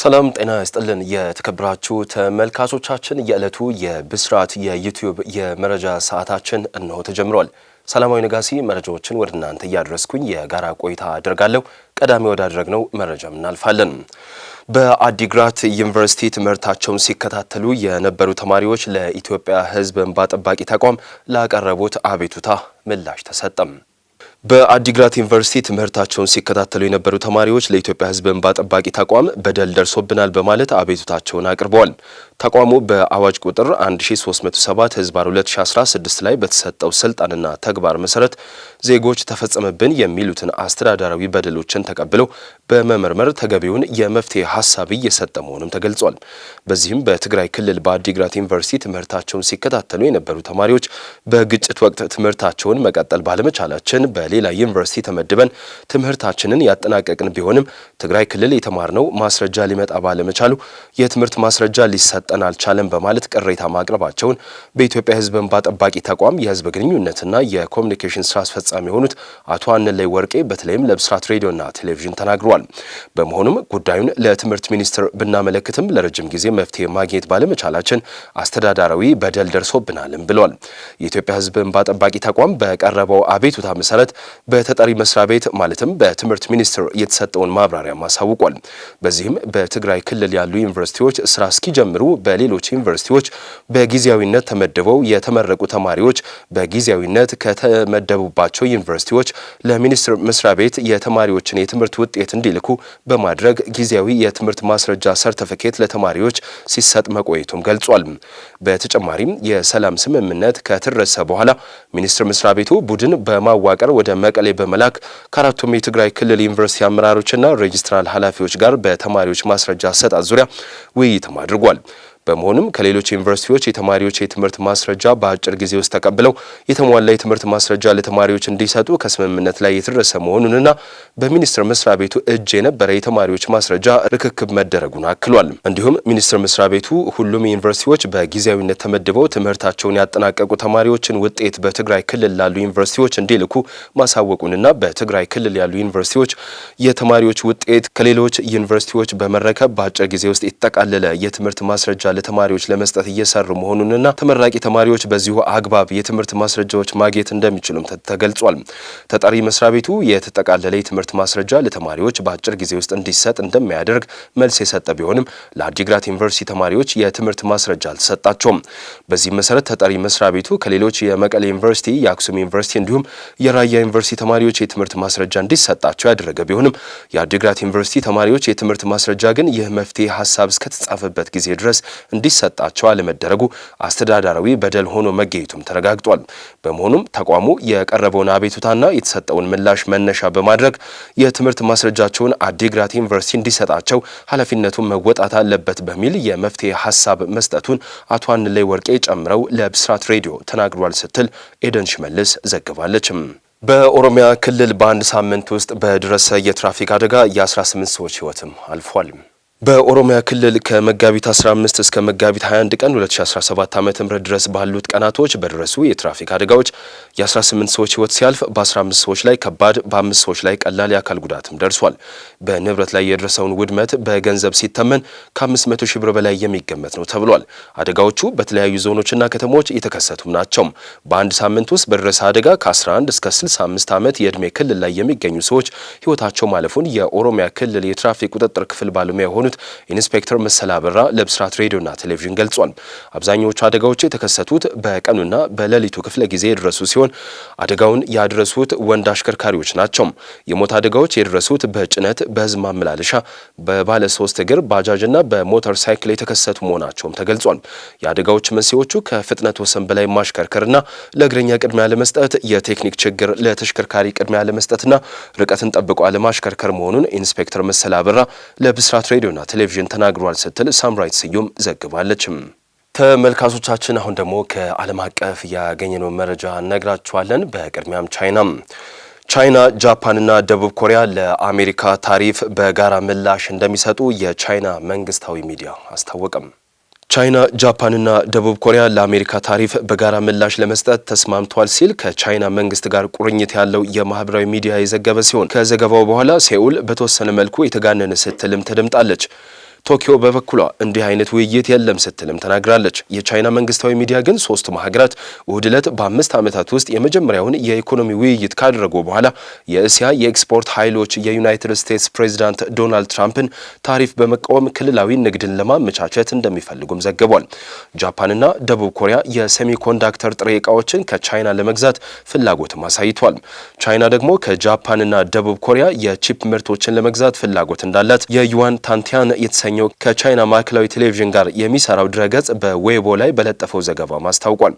ሰላም ጤና ይስጥልን የተከበራችሁ ተመልካቾቻችን፣ የዕለቱ የብስራት የዩቲዩብ የመረጃ ሰዓታችን እነሆ ተጀምሯል። ሰላማዊ ነጋሲ መረጃዎችን ወደ እናንተ እያደረስኩኝ የጋራ ቆይታ አድርጋለሁ። ቀዳሚ ወዳደረግነው መረጃም እናልፋለን። በአዲግራት ዩኒቨርሲቲ ትምህርታቸውን ሲከታተሉ የነበሩ ተማሪዎች ለኢትዮጵያ ሕዝብ እንባ ጠባቂ ተቋም ላቀረቡት አቤቱታ ምላሽ ተሰጠም። በአዲግራት ዩኒቨርሲቲ ትምህርታቸውን ሲከታተሉ የነበሩ ተማሪዎች ለኢትዮጵያ ሕዝብ እንባ ጠባቂ ተቋም በደል ደርሶብናል በማለት አቤቱታቸውን አቅርበዋል። ተቋሙ በአዋጅ ቁጥር 1307 ህዝባር 2016 ላይ በተሰጠው ስልጣንና ተግባር መሰረት ዜጎች ተፈጸመብን የሚሉትን አስተዳደራዊ በደሎችን ተቀብሎ በመመርመር ተገቢውን የመፍትሄ ሀሳብ እየሰጠ መሆኑም ተገልጿል። በዚህም በትግራይ ክልል በአዲግራት ዩኒቨርሲቲ ትምህርታቸውን ሲከታተሉ የነበሩ ተማሪዎች በግጭት ወቅት ትምህርታቸውን መቀጠል ባለመቻላችን በሌ ሌላ ዩኒቨርሲቲ ተመድበን ትምህርታችንን ያጠናቀቅን ቢሆንም ትግራይ ክልል የተማርነው ማስረጃ ሊመጣ ባለመቻሉ የትምህርት ማስረጃ ሊሰጠን አልቻለም በማለት ቅሬታ ማቅረባቸውን በኢትዮጵያ ሕዝብ እንባ ጠባቂ ተቋም የሕዝብ ግንኙነትና የኮሚኒኬሽን ስራ አስፈጻሚ የሆኑት አቶ አንለይ ወርቄ በተለይም ለብስራት ሬዲዮና ቴሌቪዥን ተናግረዋል። በመሆኑም ጉዳዩን ለትምህርት ሚኒስትር ብናመለክትም ለረጅም ጊዜ መፍትሄ ማግኘት ባለመቻላችን አስተዳዳራዊ በደል ደርሶብናልም ብለዋል። የኢትዮጵያ ሕዝብ እንባ ጠባቂ ተቋም በቀረበው አቤቱታ መሰረት በተጠሪ መስሪያ ቤት ማለትም በትምህርት ሚኒስቴር የተሰጠውን ማብራሪያ አሳውቋል። በዚህም በትግራይ ክልል ያሉ ዩኒቨርሲቲዎች ስራ እስኪጀምሩ በሌሎች ዩኒቨርሲቲዎች በጊዜያዊነት ተመድበው የተመረቁ ተማሪዎች በጊዜያዊነት ከተመደቡባቸው ዩኒቨርሲቲዎች ለሚኒስቴር መስሪያ ቤት የተማሪዎችን የትምህርት ውጤት እንዲልኩ በማድረግ ጊዜያዊ የትምህርት ማስረጃ ሰርተፍኬት ለተማሪዎች ሲሰጥ መቆየቱም ገልጿል። በተጨማሪም የሰላም ስምምነት ከተደረሰ በኋላ ሚኒስቴር መስሪያ ቤቱ ቡድን በማዋቀር ወደ ወደ መቀሌ በመላክ ከአራቱም የትግራይ ክልል ዩኒቨርሲቲ አመራሮችና ሬጅስትራል ኃላፊዎች ጋር በተማሪዎች ማስረጃ ሰጣት ዙሪያ ውይይትም አድርጓል። በመሆኑም ከሌሎች ዩኒቨርሲቲዎች የተማሪዎች የትምህርት ማስረጃ በአጭር ጊዜ ውስጥ ተቀብለው የተሟላ የትምህርት ማስረጃ ለተማሪዎች እንዲሰጡ ከስምምነት ላይ የተደረሰ መሆኑንና በሚኒስቴር መስሪያ ቤቱ እጅ የነበረ የተማሪዎች ማስረጃ ርክክብ መደረጉን አክሏል። እንዲሁም ሚኒስቴር መስሪያ ቤቱ ሁሉም ዩኒቨርሲቲዎች በጊዜያዊነት ተመድበው ትምህርታቸውን ያጠናቀቁ ተማሪዎችን ውጤት በትግራይ ክልል ላሉ ዩኒቨርሲቲዎች እንዲልኩ ማሳወቁንና በትግራይ ክልል ያሉ ዩኒቨርሲቲዎች የተማሪዎች ውጤት ከሌሎች ዩኒቨርሲቲዎች በመረከብ በአጭር ጊዜ ውስጥ የተጠቃለለ የትምህርት ማስረጃ ለተማሪዎች ለመስጠት እየሰሩ መሆኑንና ተመራቂ ተማሪዎች በዚሁ አግባብ የትምህርት ማስረጃዎች ማግኘት እንደሚችሉም ተገልጿል። ተጠሪ መስሪያ ቤቱ የተጠቃለለ የትምህርት ማስረጃ ለተማሪዎች በአጭር ጊዜ ውስጥ እንዲሰጥ እንደሚያደርግ መልስ የሰጠ ቢሆንም ለአዲግራት ዩኒቨርሲቲ ተማሪዎች የትምህርት ማስረጃ አልተሰጣቸውም። በዚህ መሰረት ተጠሪ መስሪያ ቤቱ ከሌሎች የመቀሌ ዩኒቨርሲቲ፣ የአክሱም ዩኒቨርሲቲ እንዲሁም የራያ ዩኒቨርሲቲ ተማሪዎች የትምህርት ማስረጃ እንዲሰጣቸው ያደረገ ቢሆንም የአዲግራት ዩኒቨርሲቲ ተማሪዎች የትምህርት ማስረጃ ግን ይህ መፍትሄ ሀሳብ እስከተጻፈበት ጊዜ ድረስ እንዲሰጣቸው አለመደረጉ አስተዳዳራዊ በደል ሆኖ መገኘቱም ተረጋግጧል። በመሆኑም ተቋሙ የቀረበውን አቤቱታና የተሰጠውን ምላሽ መነሻ በማድረግ የትምህርት ማስረጃቸውን አዲግራት ዩኒቨርሲቲ እንዲሰጣቸው ኃላፊነቱን መወጣት አለበት በሚል የመፍትሄ ሀሳብ መስጠቱን አቶ አንለይ ወርቄ ጨምረው ለብስራት ሬዲዮ ተናግሯል ስትል ኤደን ሽመልስ ዘግባለች። በኦሮሚያ ክልል በአንድ ሳምንት ውስጥ በደረሰ የትራፊክ አደጋ የ18 ሰዎች ህይወትም አልፏል። በኦሮሚያ ክልል ከመጋቢት 15 እስከ መጋቢት 21 ቀን 2017 ዓ.ም ድረስ ባሉት ቀናቶች በደረሱ የትራፊክ አደጋዎች የ18 ሰዎች ህይወት ሲያልፍ በ15 ሰዎች ላይ ከባድ በ5 ሰዎች ላይ ቀላል የአካል ጉዳትም ደርሷል። በንብረት ላይ የደረሰውን ውድመት በገንዘብ ሲተመን ከ500 ሺህ ብር በላይ የሚገመት ነው ተብሏል። አደጋዎቹ በተለያዩ ዞኖችና ከተሞች የተከሰቱም ናቸው። በአንድ ሳምንት ውስጥ በደረሰ አደጋ ከ11 እስከ 65 ዓመት የዕድሜ ክልል ላይ የሚገኙ ሰዎች ህይወታቸው ማለፉን የኦሮሚያ ክልል የትራፊክ ቁጥጥር ክፍል ባለሙያ የሆኑ እንደሆኑት ኢንስፔክተር መሰለ አበራ ለብስራት ሬዲዮና ቴሌቪዥን ገልጿል። አብዛኛዎቹ አደጋዎች የተከሰቱት በቀኑና በሌሊቱ ክፍለ ጊዜ የደረሱ ሲሆን አደጋውን ያደረሱት ወንድ አሽከርካሪዎች ናቸው። የሞት አደጋዎች የደረሱት በጭነት፣ በህዝብ ማመላለሻ፣ በባለ ሶስት እግር ባጃጅና በሞተር ሳይክል የተከሰቱ መሆናቸውም ተገልጿል። የአደጋዎች መንስኤዎቹ ከፍጥነት ወሰን በላይ ማሽከርከርና ለእግረኛ ቅድሚያ ለመስጠት የቴክኒክ ችግር ለተሽከርካሪ ቅድሚያ ለመስጠትና ርቀትን ጠብቆ አለማሽከርከር መሆኑን ኢንስፔክተር መሰለ አበራ ለብስራት ሬዲዮ ሬዲዮና ቴሌቪዥን ተናግሯል ስትል ሳምራይት ስዩም ዘግባለችም። ተመልካቾቻችን አሁን ደግሞ ከዓለም አቀፍ ያገኘነው መረጃ እነግራችኋለን። በቅድሚያም ቻይና ቻይና፣ ጃፓንና ደቡብ ኮሪያ ለአሜሪካ ታሪፍ በጋራ ምላሽ እንደሚሰጡ የቻይና መንግስታዊ ሚዲያ አስታወቀም። ቻይና፣ ጃፓንና ደቡብ ኮሪያ ለአሜሪካ ታሪፍ በጋራ ምላሽ ለመስጠት ተስማምተዋል ሲል ከቻይና መንግስት ጋር ቁርኝት ያለው የማህበራዊ ሚዲያ የዘገበ ሲሆን ከዘገባው በኋላ ሴኡል በተወሰነ መልኩ የተጋነነ ስትልም ተደምጣለች። ቶኪዮ በበኩሏ እንዲህ አይነት ውይይት የለም ስትልም ተናግራለች። የቻይና መንግስታዊ ሚዲያ ግን ሶስቱም ሀገራት እሁድ ዕለት በአምስት ዓመታት ውስጥ የመጀመሪያውን የኢኮኖሚ ውይይት ካደረጉ በኋላ የእስያ የኤክስፖርት ኃይሎች የዩናይትድ ስቴትስ ፕሬዚዳንት ዶናልድ ትራምፕን ታሪፍ በመቃወም ክልላዊ ንግድን ለማመቻቸት እንደሚፈልጉም ዘግቧል። ጃፓንና ደቡብ ኮሪያ የሴሚኮንዳክተር ጥሬ ዕቃዎችን ከቻይና ለመግዛት ፍላጎትም አሳይቷል። ቻይና ደግሞ ከጃፓንና ደቡብ ኮሪያ የቺፕ ምርቶችን ለመግዛት ፍላጎት እንዳላት የዩዋን ታንቲያን የተሰኘ የሚገኘው ከቻይና ማዕከላዊ ቴሌቪዥን ጋር የሚሰራው ድረገጽ በዌቦ ላይ በለጠፈው ዘገባ አስታውቋል።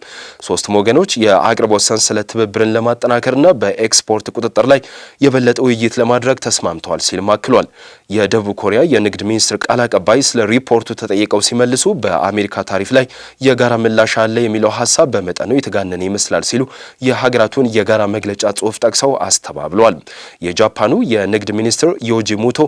ሶስቱም ወገኖች የአቅርቦት ሰንሰለት ትብብርን ለማጠናከርና በኤክስፖርት ቁጥጥር ላይ የበለጠ ውይይት ለማድረግ ተስማምተዋል ሲልም አክሏል። የደቡብ ኮሪያ የንግድ ሚኒስትር ቃል አቀባይ ስለ ሪፖርቱ ተጠይቀው ሲመልሱ በአሜሪካ ታሪፍ ላይ የጋራ ምላሽ አለ የሚለው ሀሳብ በመጠኑ የተጋነነ ይመስላል ሲሉ የሀገራቱን የጋራ መግለጫ ጽሑፍ ጠቅሰው አስተባብለዋል። የጃፓኑ የንግድ ሚኒስትር ዮጂ ሙቶ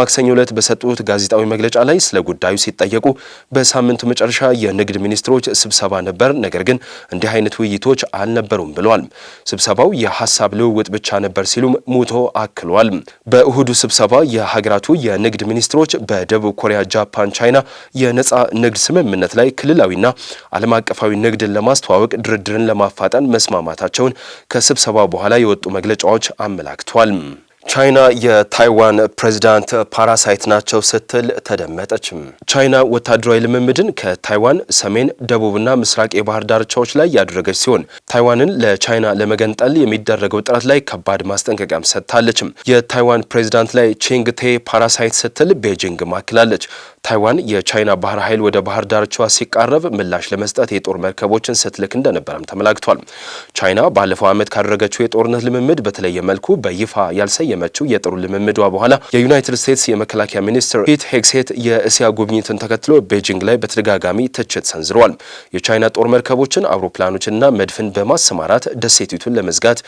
ማክሰኞ ዕለት በሰጡት ጋዜጣዊ መግለጫ መግለጫ ላይ ስለ ጉዳዩ ሲጠየቁ በሳምንቱ መጨረሻ የንግድ ሚኒስትሮች ስብሰባ ነበር፣ ነገር ግን እንዲህ አይነት ውይይቶች አልነበሩም ብለዋል። ስብሰባው የሀሳብ ልውውጥ ብቻ ነበር ሲሉም ሙቶ አክሏል። በእሁዱ ስብሰባ የሀገራቱ የንግድ ሚኒስትሮች በደቡብ ኮሪያ፣ ጃፓን፣ ቻይና የነፃ ንግድ ስምምነት ላይ ክልላዊና ዓለም አቀፋዊ ንግድን ለማስተዋወቅ ድርድርን ለማፋጠን መስማማታቸውን ከስብሰባ በኋላ የወጡ መግለጫዎች አመላክቷል። ቻይና የታይዋን ፕሬዚዳንት ፓራሳይት ናቸው ስትል ተደመጠችም ቻይና ወታደራዊ ልምምድን ከታይዋን ሰሜን፣ ደቡብና ምስራቅ የባህር ዳርቻዎች ላይ ያደረገች ሲሆን ታይዋንን ለቻይና ለመገንጠል የሚደረገው ጥረት ላይ ከባድ ማስጠንቀቂያም ሰጥታለች። የታይዋን ፕሬዚዳንት ላይ ቼንግቴ ፓራሳይት ስትል ቤጂንግ ማክላለች። ታይዋን የቻይና ባህር ኃይል ወደ ባህር ዳርቻዋ ሲቃረብ ምላሽ ለመስጠት የጦር መርከቦችን ስትልክ እንደነበረም ተመላክቷል። ቻይና ባለፈው ዓመት ካደረገችው የጦርነት ልምምድ በተለየ መልኩ በይፋ ያልሰየ ካስቀየመችው የጥሩ ልምምዷ በኋላ የዩናይትድ ስቴትስ የመከላከያ ሚኒስትር ፒት ሄግሴት የእስያ ጉብኝትን ተከትሎ ቤጂንግ ላይ በተደጋጋሚ ትችት ሰንዝረዋል። የቻይና ጦር መርከቦችን፣ አውሮፕላኖችንና መድፍን በማሰማራት ደሴቲቱን ለመዝጋት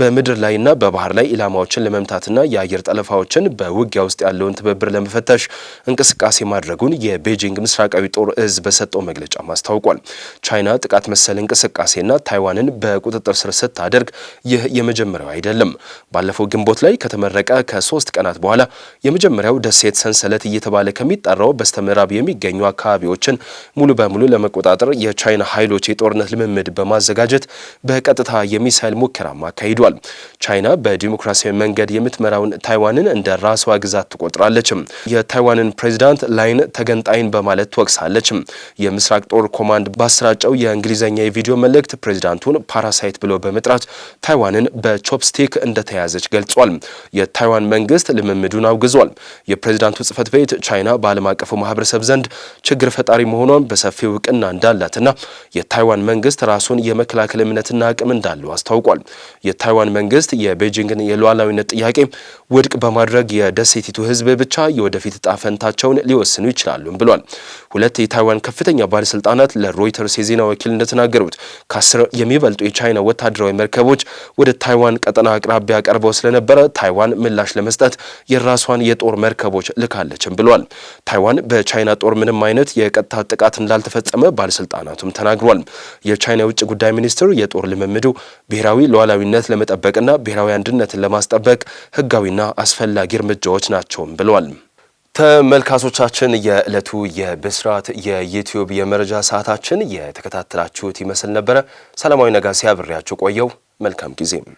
በምድር ላይና በባህር ላይ ኢላማዎችን ለመምታትና የአየር ጠለፋዎችን በውጊያ ውስጥ ያለውን ትብብር ለመፈተሽ እንቅስቃሴ ማድረጉን የቤጂንግ ምስራቃዊ ጦር እዝ በሰጠው መግለጫ አስታውቋል። ቻይና ጥቃት መሰል እንቅስቃሴና ታይዋንን በቁጥጥር ስር ስታደርግ ይህ የመጀመሪያው አይደለም። ባለፈው ግንቦት ላይ ከተመረቀ ከሶስት ቀናት በኋላ የመጀመሪያው ደሴት ሰንሰለት እየተባለ ከሚጠራው በስተምዕራብ የሚገኙ አካባቢዎችን ሙሉ በሙሉ ለመቆጣጠር የቻይና ኃይሎች የጦርነት ልምምድ በማዘጋጀት በቀጥታ የሚሳይል ሙከራም አካሂዷል። ቻይና በዲሞክራሲያዊ መንገድ የምትመራውን ታይዋንን እንደ ራሷ ግዛት ትቆጥራለችም። የታይዋንን ፕሬዚዳንት ላይን ተገንጣይን በማለት ትወቅሳለችም። የምስራቅ ጦር ኮማንድ ባሰራጨው የእንግሊዝኛ የቪዲዮ መልእክት ፕሬዚዳንቱን ፓራሳይት ብሎ በመጥራት ታይዋንን በቾፕስቲክ እንደተያዘች ገልጿል። የታይዋን መንግስት ልምምዱን አውግዟል። የፕሬዚዳንቱ ጽህፈት ቤት ቻይና በዓለም አቀፉ ማህበረሰብ ዘንድ ችግር ፈጣሪ መሆኗን በሰፊው እውቅና እንዳላትና የታይዋን መንግስት ራሱን የመከላከል እምነትና አቅም እንዳለው አስታውቋል። የታይዋን መንግስት የቤጂንግን የሉዓላዊነት ጥያቄ ውድቅ በማድረግ የደሴቲቱ ህዝብ ብቻ የወደፊት ጣፈንታቸውን ፈንታቸውን ሊወስኑ ይችላሉም ብሏል። ሁለት የታይዋን ከፍተኛ ባለስልጣናት ለሮይተርስ የዜና ወኪል እንደተናገሩት ከአስር የሚበልጡ የቻይና ወታደራዊ መርከቦች ወደ ታይዋን ቀጠና አቅራቢያ ቀርበው ስለነበረ ታይዋን ምላሽ ለመስጠት የራሷን የጦር መርከቦች ልካለችም ብሏል። ታይዋን በቻይና ጦር ምንም አይነት የቀጥታ ጥቃት እንዳልተፈጸመ ባለስልጣናቱም ተናግሯል። የቻይና የውጭ ጉዳይ ሚኒስትር የጦር ልምምዱ ብሔራዊ ሉዓላዊነት ለመጠበቅና ብሔራዊ አንድነትን ለማስጠበቅ ህጋዊና አስፈላጊ እርምጃዎች ናቸውም ብሏል። ተመልካቾቻችን የዕለቱ የብስራት የዩትዩብ የመረጃ ሰዓታችን የተከታተላችሁት ይመስል ነበረ። ሰላማዊ ነጋሴ አብሬያችሁ ቆየው። መልካም ጊዜም